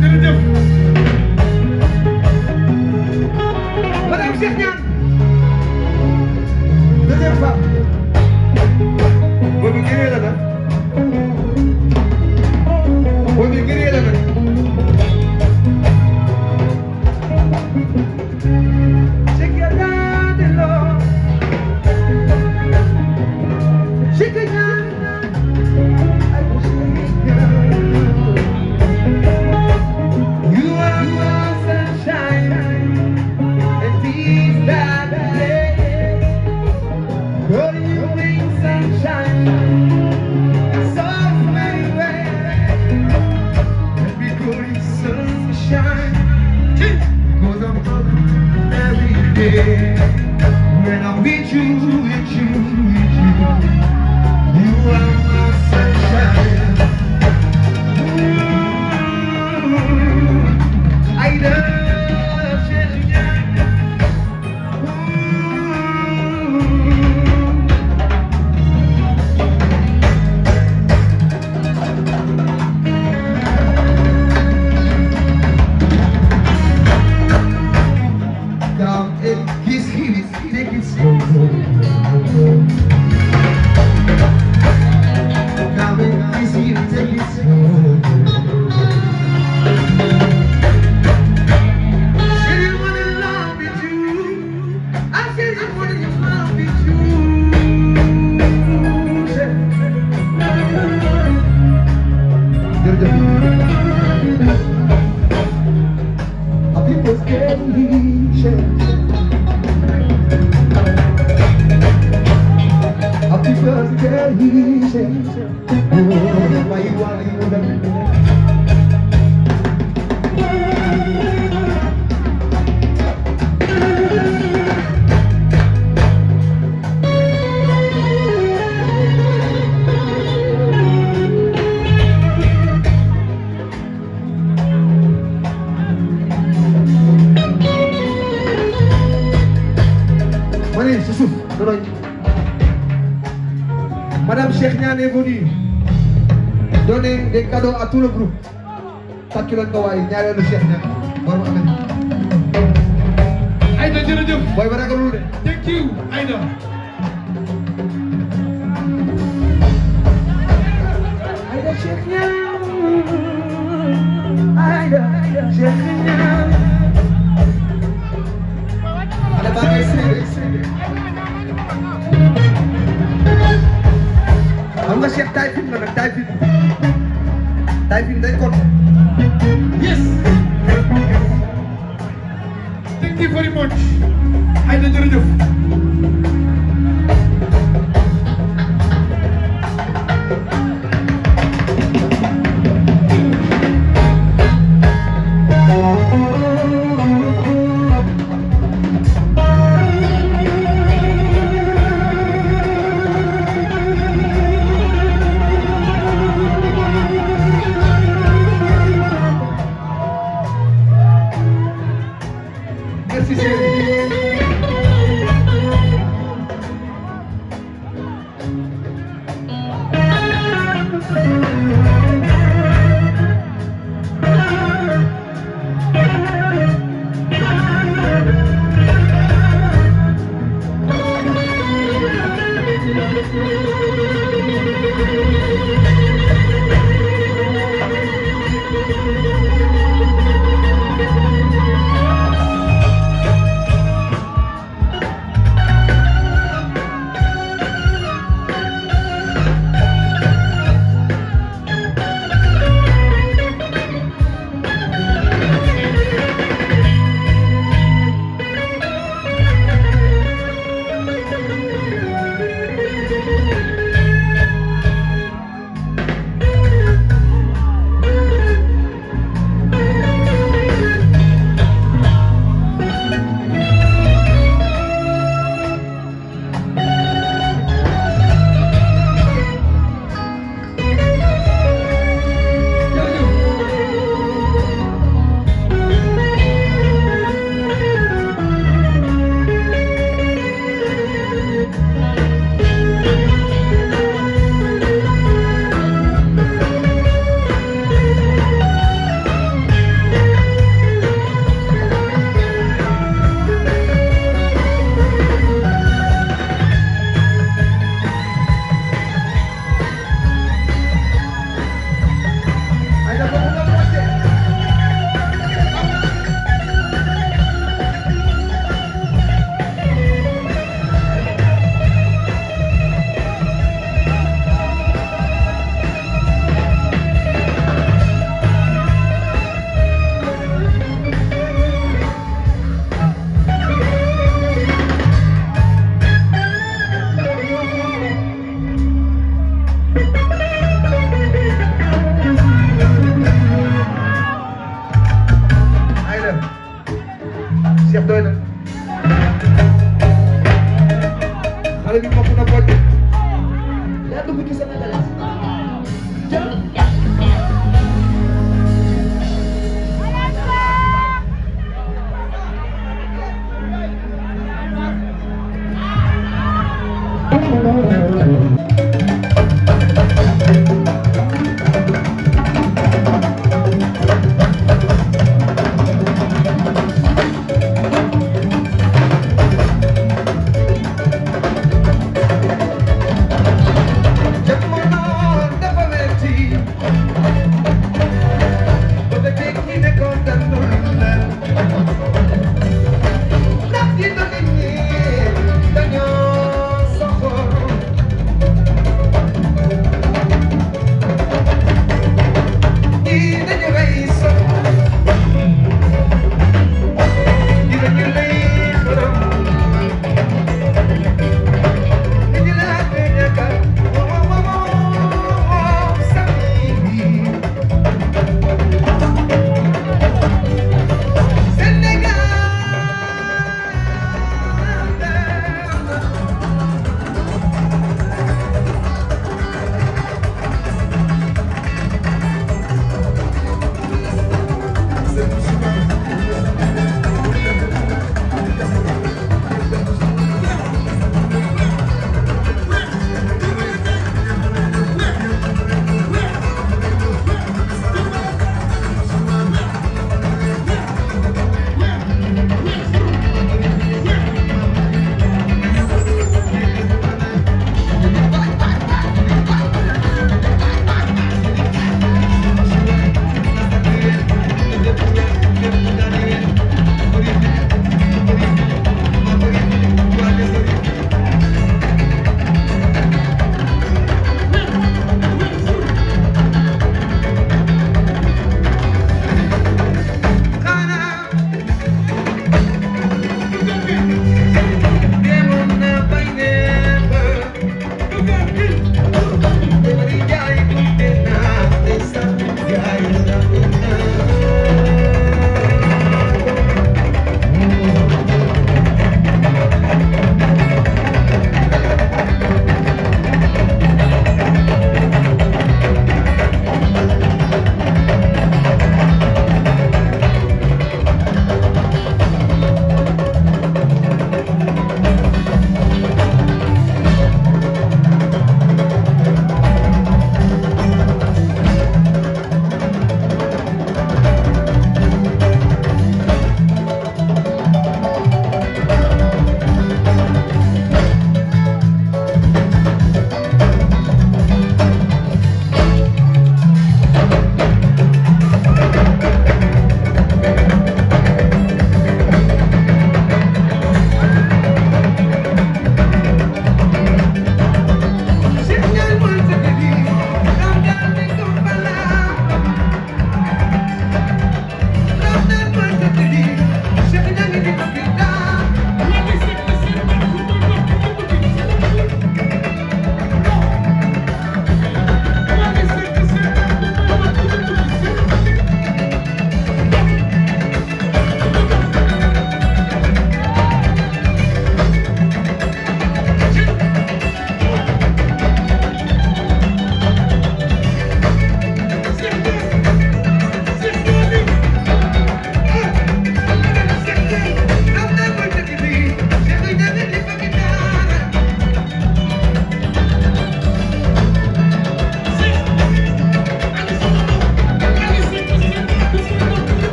jërëjëf madame Cheikh Niane deuxième fois boobu gëree la nag boobu gëree la nag Cheikh Niane loo Cheikh here cadeau à tout le groupe tàccu leen ko waaye ñaareelu Cheikh Niang war ma amee. Aïda jërëjëf. booy ba ragalul de. thank you Aïda. Aïda Cheikh Niang. Aïda Cheikh Niang. xale baa ngay séedee séedee. xam nga Cheikh taay fit na nag taay fit. day fi day kon yes thank you very much ay na jërëjëf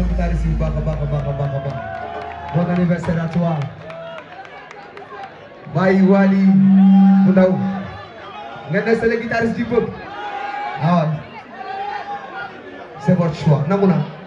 mbooloo guitariste yi baax a baax a baax a baax a baax bon anniversaire à toi Baye Wali bu ndaw nga ne c'est le guitariste du peuple ah c'est votre choix nangu naa